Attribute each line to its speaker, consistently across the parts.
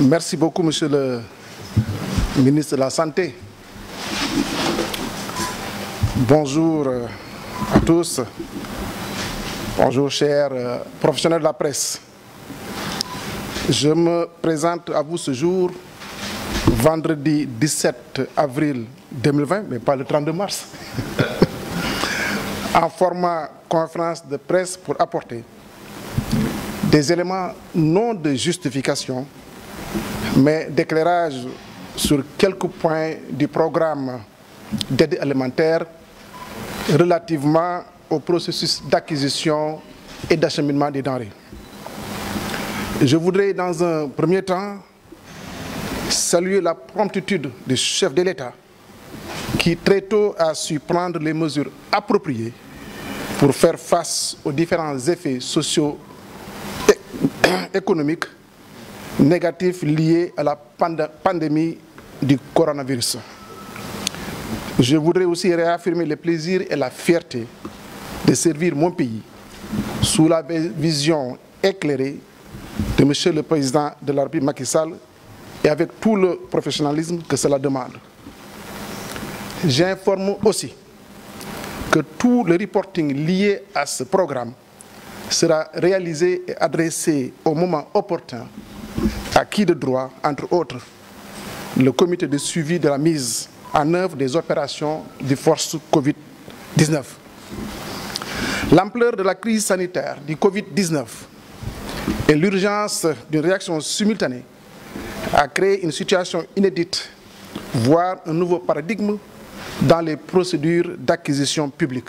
Speaker 1: Merci beaucoup, Monsieur le ministre de la Santé. Bonjour euh, à tous. Bonjour, chers euh, professionnels de la presse. Je me présente à vous ce jour, vendredi 17 avril 2020, mais pas le 32 mars, en format conférence de presse pour apporter des éléments non de justification mais d'éclairage sur quelques points du programme d'aide alimentaire relativement au processus d'acquisition et d'acheminement des denrées. Je voudrais dans un premier temps saluer la promptitude du chef de l'État qui très tôt a su prendre les mesures appropriées pour faire face aux différents effets sociaux économiques négatif lié à la pandémie du coronavirus. Je voudrais aussi réaffirmer le plaisir et la fierté de servir mon pays sous la vision éclairée de M. le Président de la Macky Sall et avec tout le professionnalisme que cela demande. J'informe aussi que tout le reporting lié à ce programme sera réalisé et adressé au moment opportun Acquis de droit, entre autres, le comité de suivi de la mise en œuvre des opérations des forces Covid-19. L'ampleur de la crise sanitaire du Covid-19 et l'urgence d'une réaction simultanée a créé une situation inédite, voire un nouveau paradigme dans les procédures d'acquisition publique.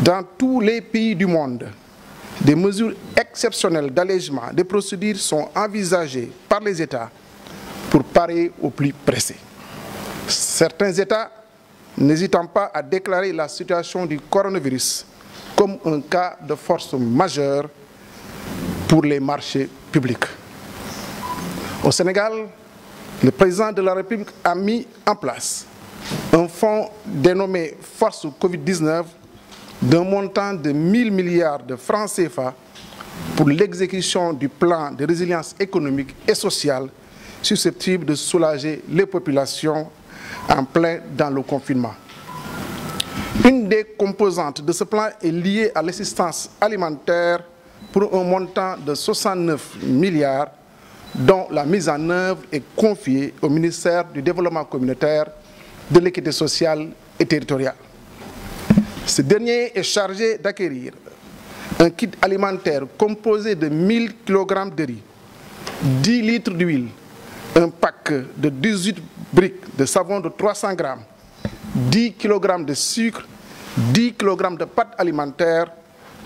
Speaker 1: Dans tous les pays du monde, des mesures exceptionnelles d'allègement des procédures sont envisagées par les États pour parer au plus pressé. Certains États n'hésitent pas à déclarer la situation du coronavirus comme un cas de force majeure pour les marchés publics. Au Sénégal, le président de la République a mis en place un fonds dénommé Force Covid-19 d'un montant de 1000 milliards de francs CFA pour l'exécution du plan de résilience économique et sociale susceptible de soulager les populations en plein dans le confinement. Une des composantes de ce plan est liée à l'assistance alimentaire pour un montant de 69 milliards dont la mise en œuvre est confiée au ministère du Développement communautaire, de l'équité sociale et territoriale. Ce dernier est chargé d'acquérir un kit alimentaire composé de 1000 kg de riz, 10 litres d'huile, un pack de 18 briques de savon de 300 g, 10 kg de sucre, 10 kg de pâte alimentaire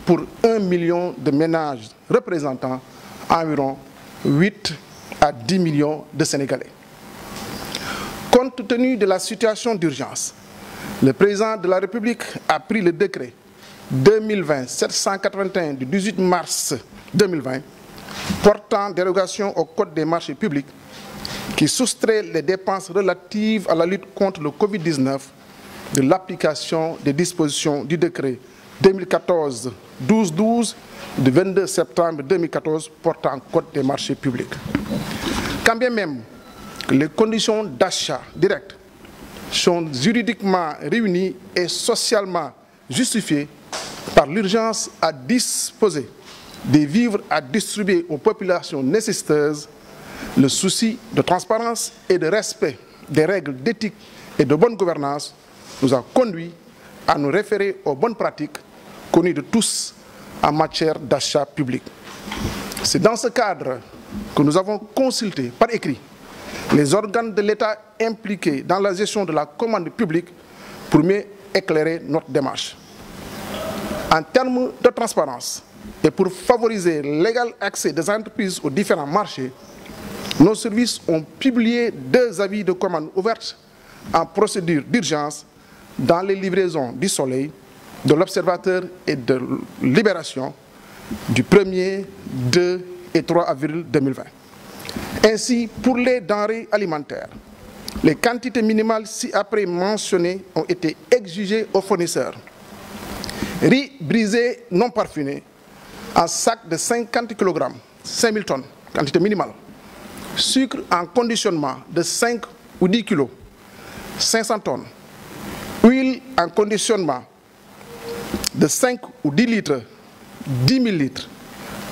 Speaker 1: pour 1 million de ménages représentant environ 8 à 10 millions de Sénégalais. Compte tenu de la situation d'urgence, le président de la République a pris le décret 2020-781 du 18 mars 2020 portant dérogation au Code des marchés publics qui soustrait les dépenses relatives à la lutte contre le Covid-19 de l'application des dispositions du décret 2014 12 12 du 22 septembre 2014 portant Code des marchés publics. Quand bien même les conditions d'achat direct sont juridiquement réunies et socialement justifiés par l'urgence à disposer des vivres à distribuer aux populations nécessiteuses, le souci de transparence et de respect des règles d'éthique et de bonne gouvernance nous a conduit à nous référer aux bonnes pratiques connues de tous en matière d'achat public. C'est dans ce cadre que nous avons consulté par écrit les organes de l'État impliqués dans la gestion de la commande publique pour mieux éclairer notre démarche. En termes de transparence et pour favoriser l'égal accès des entreprises aux différents marchés, nos services ont publié deux avis de commande ouvertes en procédure d'urgence dans les livraisons du Soleil, de l'Observateur et de Libération du 1er, 2 et 3 avril 2020. Ainsi, pour les denrées alimentaires, les quantités minimales ci-après mentionnées ont été exigées aux fournisseurs. Riz brisé non parfumé, en sac de 50 kg, 5000 tonnes, quantité minimale. Sucre en conditionnement de 5 ou 10 kg, 500 tonnes. Huile en conditionnement de 5 ou 10 litres, 10 000 litres.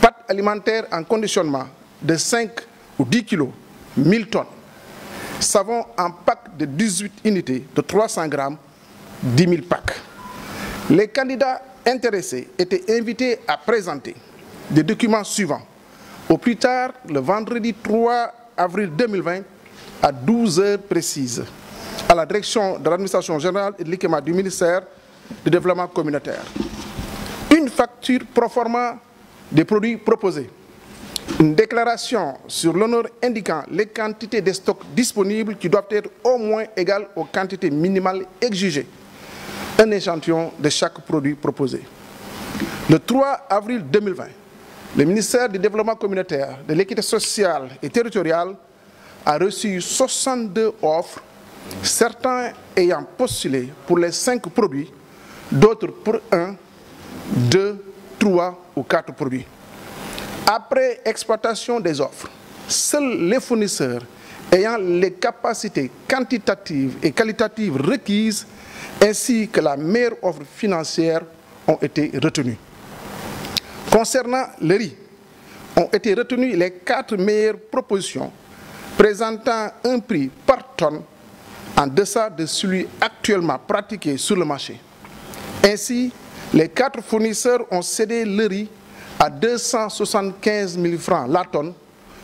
Speaker 1: Pâte alimentaire en conditionnement de 5 ou 10 kg, 1000 tonnes. Savon en pack de 18 unités de 300 grammes, 10 000 packs. Les candidats intéressés étaient invités à présenter des documents suivants. Au plus tard, le vendredi 3 avril 2020, à 12 heures précises, à la direction de l'administration générale et de l'équipement du ministère du développement communautaire. Une facture proforma des produits proposés une déclaration sur l'honneur indiquant les quantités de stocks disponibles qui doivent être au moins égales aux quantités minimales exigées, un échantillon de chaque produit proposé. Le 3 avril 2020, le ministère du Développement communautaire, de l'équité sociale et territoriale a reçu 62 offres, certains ayant postulé pour les 5 produits, d'autres pour 1, 2, 3 ou 4 produits. Après exploitation des offres, seuls les fournisseurs ayant les capacités quantitatives et qualitatives requises ainsi que la meilleure offre financière ont été retenus. Concernant le riz, ont été retenues les quatre meilleures propositions présentant un prix par tonne en deçà de celui actuellement pratiqué sur le marché. Ainsi, les quatre fournisseurs ont cédé le riz à 275 000 francs la tonne,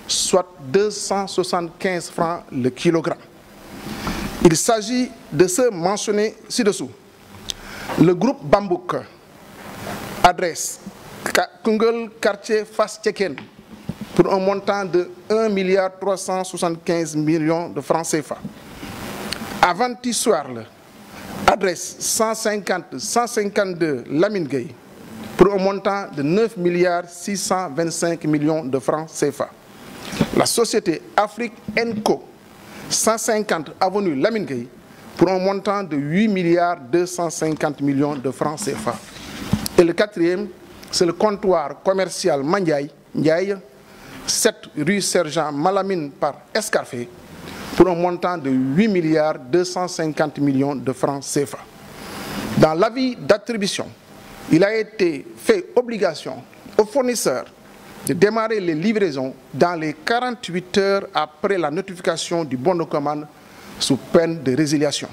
Speaker 1: soit 275 francs le kilogramme. Il s'agit de ce mentionner ci-dessous. Le groupe Bambouk, adresse Kungel quartier Fas pour un montant de 1 milliard millions de francs CFA. Avant-hier soir, adresse 150 152 Lamine Gueye pour un montant de 9 milliards 625 millions de francs CFA. La société Afrique Enco, 150 avenue Lamine pour un montant de 8 milliards 250 millions de francs CFA. Et le quatrième, c'est le comptoir commercial Mandiaï, Ndiaye, 7 rue Sergent Malamine par Escarfé, pour un montant de 8 milliards 250 millions de francs CFA. Dans l'avis d'attribution, il a été fait obligation aux fournisseurs de démarrer les livraisons dans les 48 heures après la notification du bon de commande sous peine de résiliation.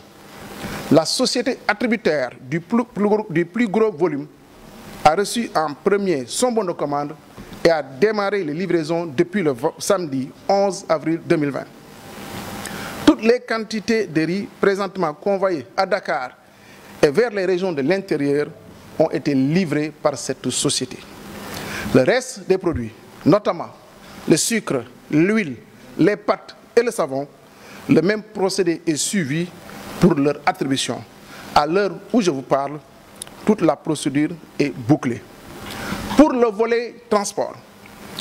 Speaker 1: La société attributaire du plus, gros volume a reçu en premier son bon de commande et a démarré les livraisons depuis le samedi 11 avril 2020. Toutes les quantités de riz présentement convoyées à Dakar et vers les régions de l'intérieur ont été livrés par cette société. Le reste des produits, notamment le sucre, l'huile, les pâtes et le savon, le même procédé est suivi pour leur attribution. À l'heure où je vous parle, toute la procédure est bouclée. Pour le volet transport,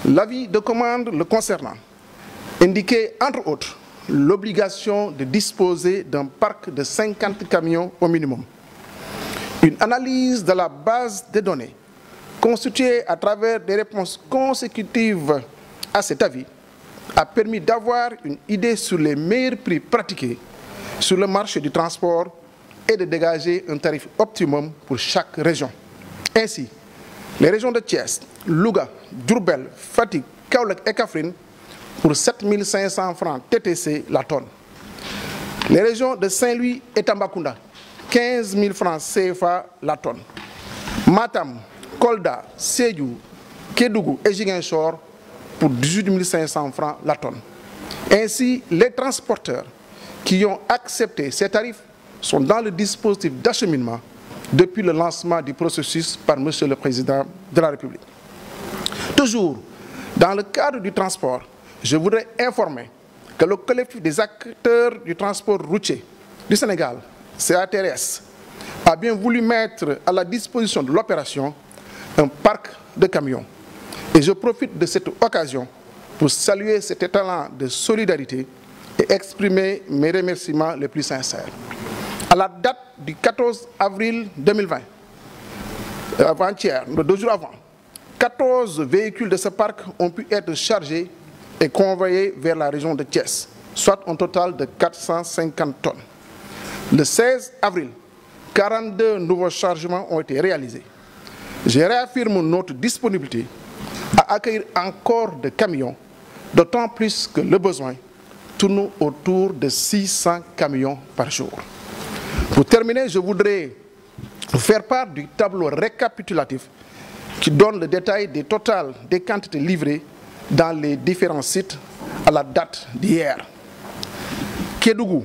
Speaker 1: l'avis de commande le concernant indiquait entre autres l'obligation de disposer d'un parc de 50 camions au minimum une analyse de la base des données constituée à travers des réponses consécutives à cet avis a permis d'avoir une idée sur les meilleurs prix pratiqués sur le marché du transport et de dégager un tarif optimum pour chaque région. Ainsi, les régions de Thiès, Louga, Dourbel, Fatigue, Kaolek et Kafrine pour 7500 francs TTC la tonne. Les régions de Saint-Louis et Tambacounda 15 000 francs CFA la tonne. Matam, Kolda, Seyou, Kédougou et Jigenshor pour 18 500 francs la tonne. Ainsi, les transporteurs qui ont accepté ces tarifs sont dans le dispositif d'acheminement depuis le lancement du processus par M. le Président de la République. Toujours dans le cadre du transport, je voudrais informer que le collectif des acteurs du transport routier du Sénégal CATRS a bien voulu mettre à la disposition de l'opération un parc de camions. Et je profite de cette occasion pour saluer cet étalant de solidarité et exprimer mes remerciements les plus sincères. À la date du 14 avril 2020, euh, avant-hier, deux jours avant, 14 véhicules de ce parc ont pu être chargés et convoyés vers la région de Thiès, soit un total de 450 tonnes. Le 16 avril, 42 nouveaux chargements ont été réalisés. Je réaffirme notre disponibilité à accueillir encore de camions, d'autant plus que le besoin tourne autour de 600 camions par jour. Pour terminer, je voudrais vous faire part du tableau récapitulatif qui donne le détail des totales des quantités livrées dans les différents sites à la date d'hier. Kédougou,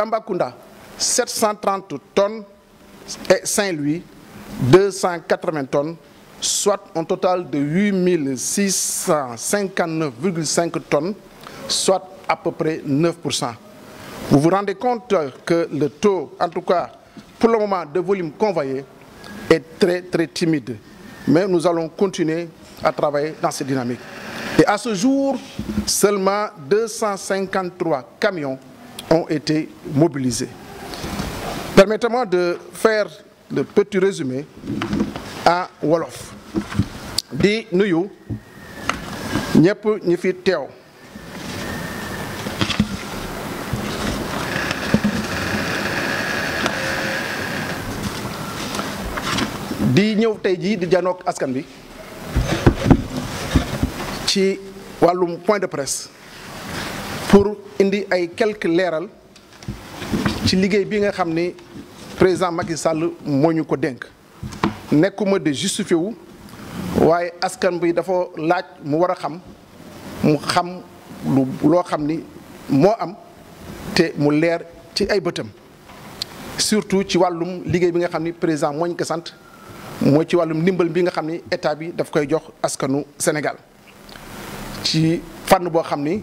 Speaker 1: Tambacounda, 730 tonnes et Saint-Louis, 280 tonnes, soit un total de 8659,5 tonnes, soit à peu près 9%. Vous vous rendez compte que le taux, en tout cas pour le moment, de volume convoyé est très très timide. Mais nous allons continuer à travailler dans cette dynamique. Et à ce jour, seulement 253 camions ont été mobilisés. Permettez-moi de faire le petit résumé à Wolof. di nuyu ñëpp ñi fi teew di ñew tay ji di janok askan bi ci walum point de presse pour indi ay quelques leeral ci liggéey bi nga xam ni président Macky sàll moo ñu ko dénk nekkuma de justifié wu waaye askan bi dafa laaj mu war a xam mu xam loo xam ni moo am te mu leer ci ay bëtam surtout ci wàllum liggéey bi nga xam ni président mooñ ñu ko sant mooy ci wàllum ndimbal bi nga xam ni état bi daf koy jox askanu Sénégal ci fànn boo xam ni.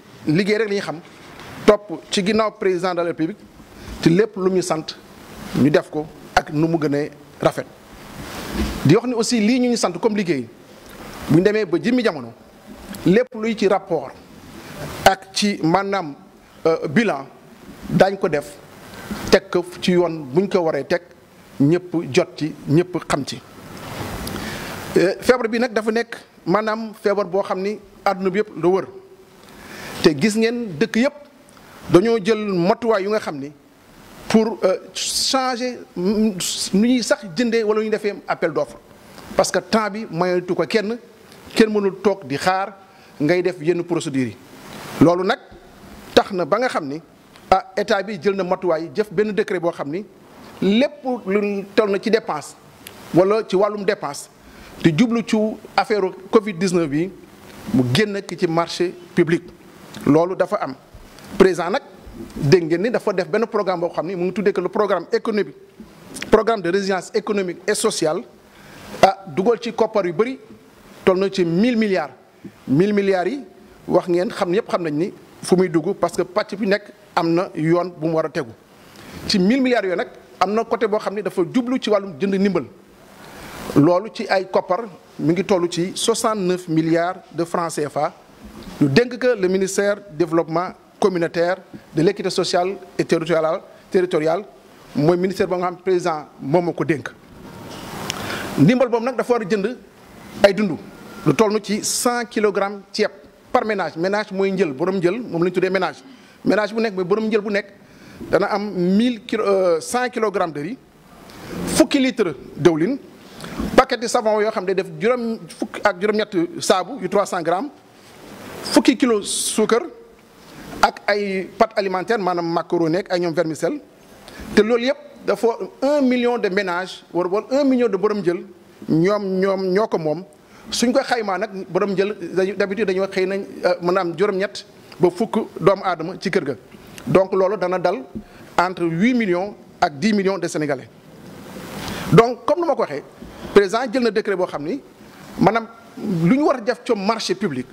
Speaker 1: liggéey rek liñ ñuy xam topp ci ginnaaw président de la république ci lépp lu ñu sant ñu def ko ak nu mu gënee rafet. di wax ni aussi lii ñu ñu sant comme liggéey bu ñu demee ba jëmmi jamono lépp luy ci rapport ak ci maanaam euh, bilan daañ ko def teg ko ci yoon buñ ko waree teg ñëpp jot ci ñëpp xam ci. Euh, feebar bi nag dafa nekk maanaam feebar boo xam ni àdduna bi yëpp la wër. té gis ngeen dëkk yëpp dañoo jël matuwaay yu nga xam ni pour euh, changer nu ñuy sax jëndee wala ñu defee appel d'offre parce que temps bi mayatu ko kenn kenn mënul toog di xaar ngay def yenn procédures yi loolu nag tax na ba nga xam ni ah état bi jël na matuwaay jëf benn décret boo xam ni lépp lu toll na ci dépense wala ci wàllum dépense te jublu ci affaire Covid 19 bi mu génn ci marché public lolu dafa am président nak dégg ngeen ni dafa def programme qui xamni que le programme économique programme de résilience économique et sociale ah dougal ci copar yu milliards. tolno ci 1000 milliards 1000 milliards yi wax ngeen xam xam nañ ni fu parce que nous bi nek amna na yoon bu mu wara ci 1000 milliards yo nak fait un côté bo xamni dafa djublu ci walum jënd lolu ci ay copar mi ngi ci 69 milliards de francs CFA. Nous dénk que le ministère développement communautaire de l'équité sociale et territoriale territoriale ministre ministère ba nga xam président moom ko denk. ndimbal boobu nag dafa war a jënd ay dund lu ci 100 kilogrammes ceeb par ménage ménage mooy njël borom njël moom la ñu ménage ménage bu nekk mooy borom njël bu nekk am 1000 100 euh, kilogrammes de riz fukki litres dëwlin paquet de savon yoo xam ne def juróom fukk ak juróom-ñett saabu yu 300 grammes fukki kilo sucre ak ay pâte alimentaire manam macaroni ak ñom vermicelle té lool yépp dafa 1 million de ménages war wala 1 million de borom jël ñom ñom ñoko mom suñ ko xaymaa nak borom jël d'habitude dañu xey nañ euh, manam juróom ñet ba fukk doomu adam ci kër ga donc loolu dana dal entre 8 millions ak 10 millions de sénégalais donc comme nu ko waxé président jël na décret bo xamni manam luñu war def ci marché public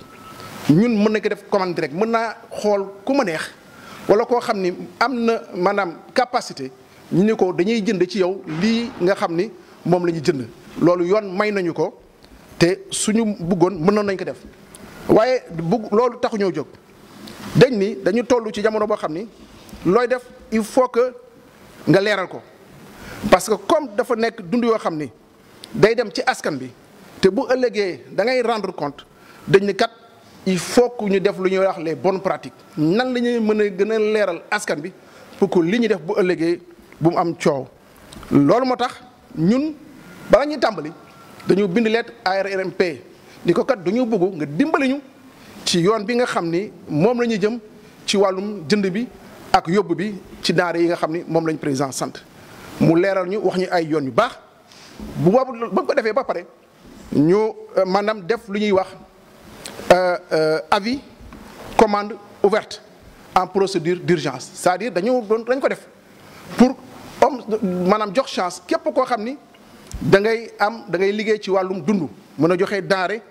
Speaker 1: ñun mën na ko def commande rek mën naa xool neex wala ni am na capacité ñu ko dañuy jënd ci yow lii nga xam ni moom jënd loolu yoon may nañu ko te suñu bëggoon mën ko def taxu ñoo dañ ni dañu ci ni def il faut que nga leeral parce que comme dafa nekk dund yoo xam ni day dem ci askan bi te bu rendre compte dañ ni il faut que ñu def lu ñuy wax les bonnes pratique nan la ñuy mën a gën a leeral askan bi pour que li ñu def bu ëllëgee bu mu am coow loolu moo tax ñun bala ñu tàmbali dañu bind lettre ARMP ni ko kat du ñu bëgg nga dimbali ñu ci yoon bi nga xam ni moom la ñuy jëm ci wàllum jënd bi ak yóbbu bi ci denrées yi nga xam ni moom lañ président sant mu leeral ñu wax ñu ay yoon yu baax bu boobu ba ko defee ba pare ñu euh, maanaam def lu ñuy wax. Euh, euh, avis, commande ouverte en procédure d'urgence. C'est-à-dire que nous avons fait pour Mme Djok Chance, qui nous pu une des choses, qui a pu faire des choses, qui a pu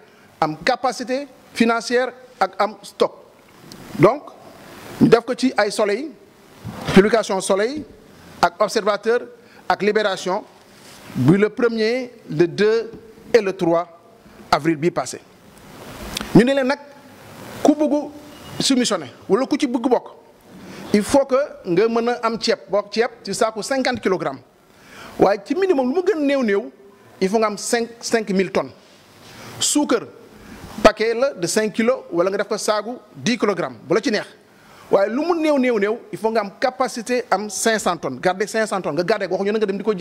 Speaker 1: am capacité financière et am stock. Donc, nous avons fait des soleil, publication soleil, et observateur, et libération, le 1er, le 2 et le 3 avril passé ñu ne leen nag ku bëgg soumissionné wala ku ci il faut que nga mën a am ceeb boo ceeb ci kilogrammes waaye ci minimum lu mu gën il faut nga cinq tonnes suukar paquet la de 5 kg wala nga def ko saagu dix kilogrammes bu la ci neex waaye lu mu il faut nga capacité am 500 tonnes 500 tonnes nga garder waxuñu na nga dem di ko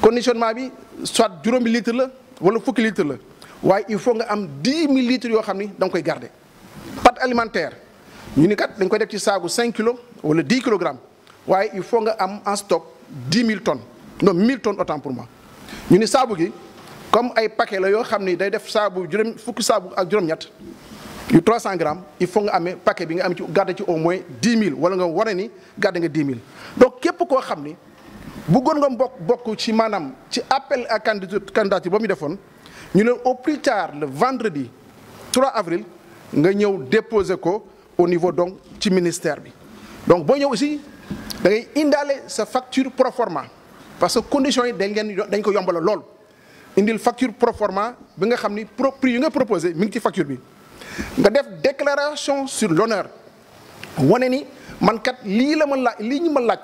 Speaker 1: conditionnement bi soit juróomi litre la wala fukki litre la il faut nga am 10 000 litres yoo xam ni koy garder pâte alimentaire ñu ni kat dañ koy def ci 5 kg wala 10 kg. waaye il faut nga am en stock 10 000 tonnes non 1000 tonnes autant pour moi ñu ni comme ay paquet la yo xamni day def sabu ak 300 grammes il faut nga paquet bi nga am ci garder au moins 10 000 wala nga ni garder nga 10 000 donc képp ko xamni bëggoon nga bokk bokk ci maanaam ci appel à candidature ba mu defoon ñu ne au plus tard le vendredi 3 avril nga ñëw déposer ko au niveau donc ci ministère bi donc boo ñëw aussi da ngay indaale sa facture proforma parce que conditions yi dañ leen dañ ko yombala lool indil facture proforma bi nga xam ni pro prix nga proposé mi ngi ci facture bi nga def déclaration sur l'honneur wane ni man kat lii la ma laaj lii ñu ma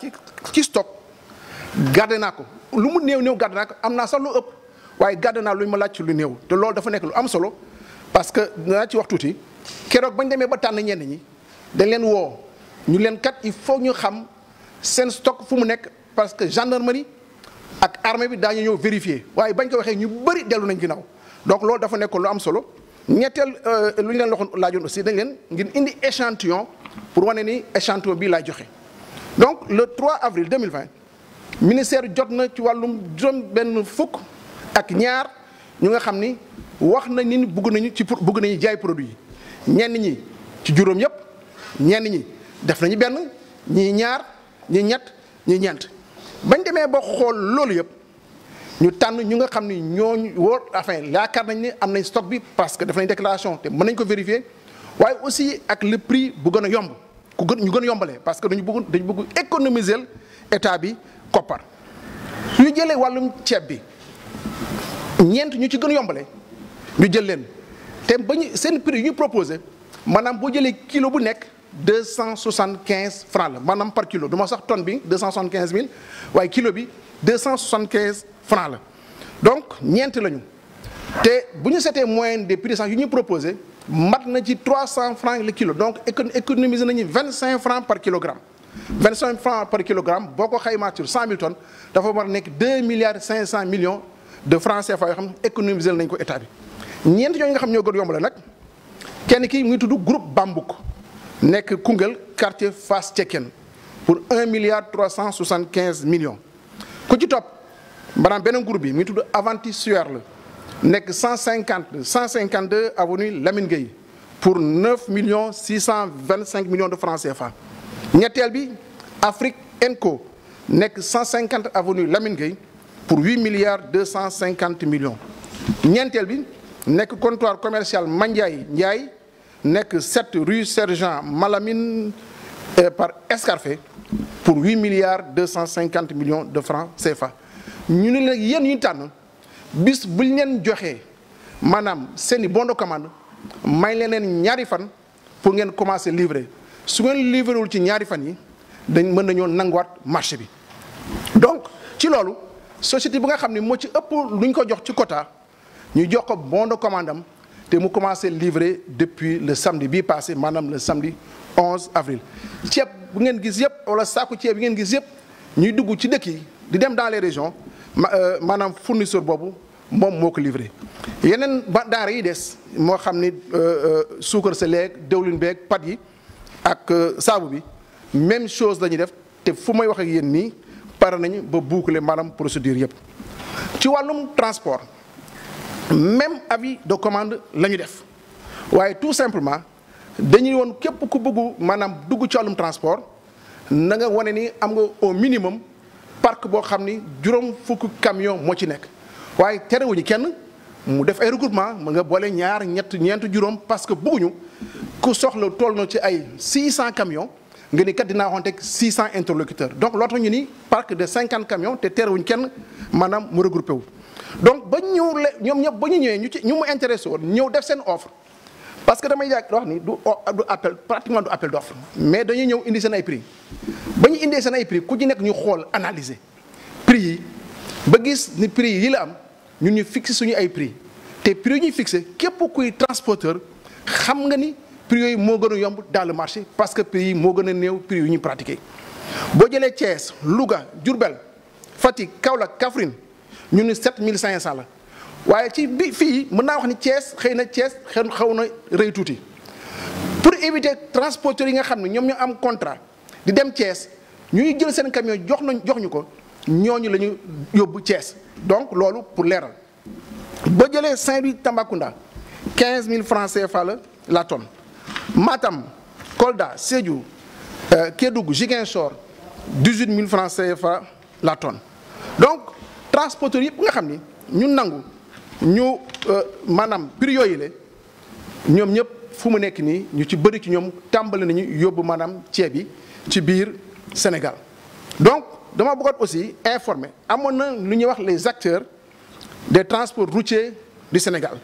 Speaker 1: ci stock garde naa lu mu new new garde gardé. am lu lu te dafa lu am solo parce que danaa ci wax touti kérok bañ demee ba tànn ñen ñi dañ leen wo ñu leen kat il faut ñu xam sen stock fu mu parce que gendarmerie ak armée bi daañu ñëw vérifier waye bañ ko ñu donc lolou dafa nek lu am solo ñettel euh, luñ leen aussi dañ leen ngir indi échantillon pour ni échantillon bi donc le 3 avril 2020. ministère jot na ci wàllum juróom benn fukk ak ñaar ñu nga xam ni wax nañ ni bugg nañu ci bugg nañu jaay produit yi ñenn ñi ci juróom yëpp ñenn ñi def nañu benn ñii ñaar ñi ñett ñi ñeent bañ demee ba xool loolu yëpp ñu tànn ñu nga xam ni ñoo ñu wóor enfin yaakaar nañ ne am nañ stock bi parce que def nañ déclaration te mën nañ ko vérifier waaye aussi ak le prix bu gën a yomb ku gën ñu gën yombale parce que dañu bëgg dañu bëgg économiser état bi copper. Nous jelle walum tchébi. Niente nous tchigun yombalé. Nous jellem. Tem bany sen prix nous Madame bo les kilo bu nek 275 francs. Madame par kilo. De ma sorte tonne bi 275 000. Ouais kilo bi 275 francs. Donc niente le nous. Te bany c'était moins de prix sans nous proposer. Maintenant, 300 francs le kilo. Donc, économiser 25 francs par kilogramme. 25 francs par kilogramme, beaucoup de 100 000 tonnes, il faut 2 milliards 500 millions de francs CFA économiser dans l'État. Nous avons dit que nous avons dit que nous avons dit que groupe Bambouk, nek Kungel, quartier Fast Tchèken, pour 1 milliard 375 millions. Ce qui top, nous avons un groupe, nous avons Avanti Suerle, nek 150, 152 avenue Lamine Gueye, pour 9 millions 625 millions de francs CFA ñetteel bi Afrique Enco Nek 150 avenue Lamine pour 8 milliards 250 millions ñeenteel bi nek comptoir commercial mandiaï Ndiaye Nek 7 rue Sergent Malamine euh, par Escarfé pour 8 milliards 250 millions de francs CFA ñu avons nag yéen ñu bis buñ ñen joxé manam seen bon de commande may leneen ñaari fan pour ngeen commencer livrer su ngeen livré wul ci ñaari fan yi dañ mën nañoo marché bi donc ci loolu société bi nga xam ne moo ci ëpp lu ko jox ci quota ñu jox ko bon de commande am mu commencé livrer depuis le samedi bii passé maanaam le samedi 11 avril ceeb bu ngeen gis yëpp wala saaku ceeb yi ngeen gis yëpp ñuy dugg ci dëkk yi di dem dans les régions euh, maanaam fournisseur boobu moom moo ko livré. yeneen ba denrées yi des moo xam ni euh, euh, suukar sa leeg dëwlin beeg pat yi ak euh, sabu bi même chose la def té fu may wax ak yéen ni par nañ ba boucler manam procédure yépp ci walum transport même avis de commande lañu def waaye tout simplement dañuy won képp ku bëggu manam dugg ci walum transport na nga woné ni am nga au minimum parc bo xamni ni fukk camion mo ci nek nekk waaye terewuñu kenn mu def ay regroupement nga bolé ñaar ñett ñent juróom parce que bëgguñu sort le tool na ci ay 600 camions nga ni kat 600 interlocuteurs donc l'autre tax parc de 50 camions te teerewuñ kenn madame mu regroupé donc ba ñëw nous ñoom ñëpp ba ñu ñëwee ñu ñu mu intéressé offre parce que damay yàgg wax ni du appel pratiquement du appel d'offre mais dañuy ñëw indi seen ay prix ba ñu indee seen ay prix ku ci nekk ñu analyser prix yi ba gis ni prix yi la am ñun ñu fixé suñu ay prix te prix yi ñuy fixé képp kuy transporteur xam nga ni prix yooyu moo gën yomb dans le marché parce que prix yi moo gën a néew prix yu ñuy Thiès Louga djourbel fatik Kaoula, Kaffrine ñu ni 7500 la waaye ci bi fi mëna wax ni Thiès xeyna Thiès xewna reuy na pour éviter transporteur yi nga xamni ñom ñu am contrat di dem Thiès ñuy jël sen camion jox nañ jox ñuko ñoñu lañu la Thiès donc lolu pour leral bo jëlé Saint-Louis Tambacounda 15000 francs CFA la la tonne. Matam Kolda j'ai euh, Kédougou Ziguinchor 18 000 francs CFA la tonne donc transporteur vous nga nous, ni ñu nangu ñu euh, maanaam nous yooyu la les ñëpp fu mu nekk nii ñu ci les ci ñoom Sénégal donc je voudrais aussi informer na les acteurs des transports routiers du Sénégal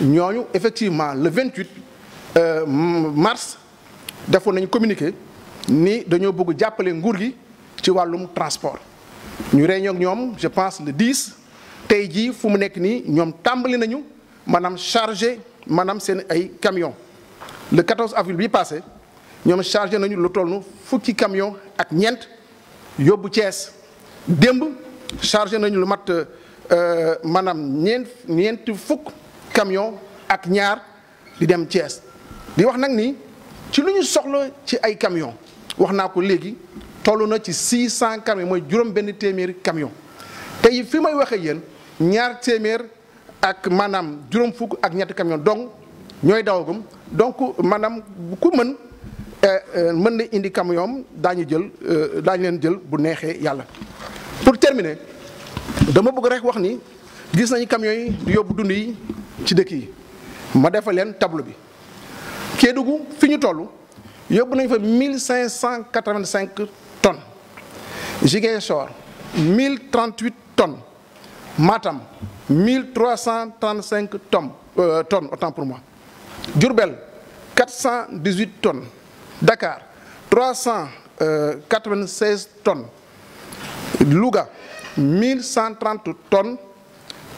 Speaker 1: avons effectivement le 28 euh, mars defoon nañ communiquer ni dañu bëgg jappalé nguur gi ci walum transport ñu réunion ñom je pense le 10 tay ji fu mu nekk nii ñoom tàmbali nañu manam charger manam sen ay camion le 14 avril bi passé ñom chargé nañu lu tollu fukki camion ak ñent yobbu Thiès demb, chargé nañu lu mat euh, manam ñent ñent fuk camion ak ñaar di dem Thiès. di wax nag ni ci lu ñu soxla ci ay camion wax naa ko léegi tollu na ci 600 camions mooy juróom benn téeméeri camion tey fi may waxee yéen ñaar téeméer ak maanaam juróom fukk ak ñetti kamiyon donc ñooy dawagum donc maanaam ku mën eh, eh, mën na indi camion daañu jël eh, daañu leen jël bu neexee yàlla pour termine dama bëgg rek wax ni gis nañu camions yi yóbbu dund yi ci dëkk yi ma defal leen tableau bi Kédougou, Finitolo, Il y a 1585 tonnes. Jigéchor, 1038 tonnes. Matam, 1335 euh, tonnes. autant pour moi. Durbel, 418 tonnes. Dakar, 396 tonnes. Luga, 1130 tonnes.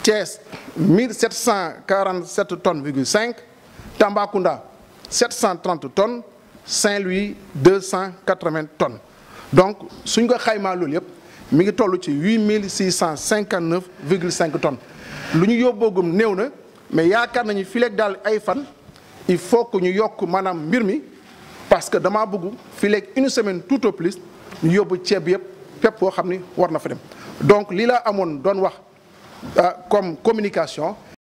Speaker 1: Thiès, 1747 tonnes, 5. Tambacounda, 730 tonnes Saint-Louis 280 tonnes donc si ko avons loolu ça, mi ngi toll ci 8659,5 tonnes Ce ñu yóbboogum néew mais yaakaar nañu fileeg daal ay il faut que nous yokk maanaam mbir parce que dans bëgg fileeg une semaine tout au plus ñu yóbbu ceeb yëpp donc c'est que nous doon wax euh, comme communication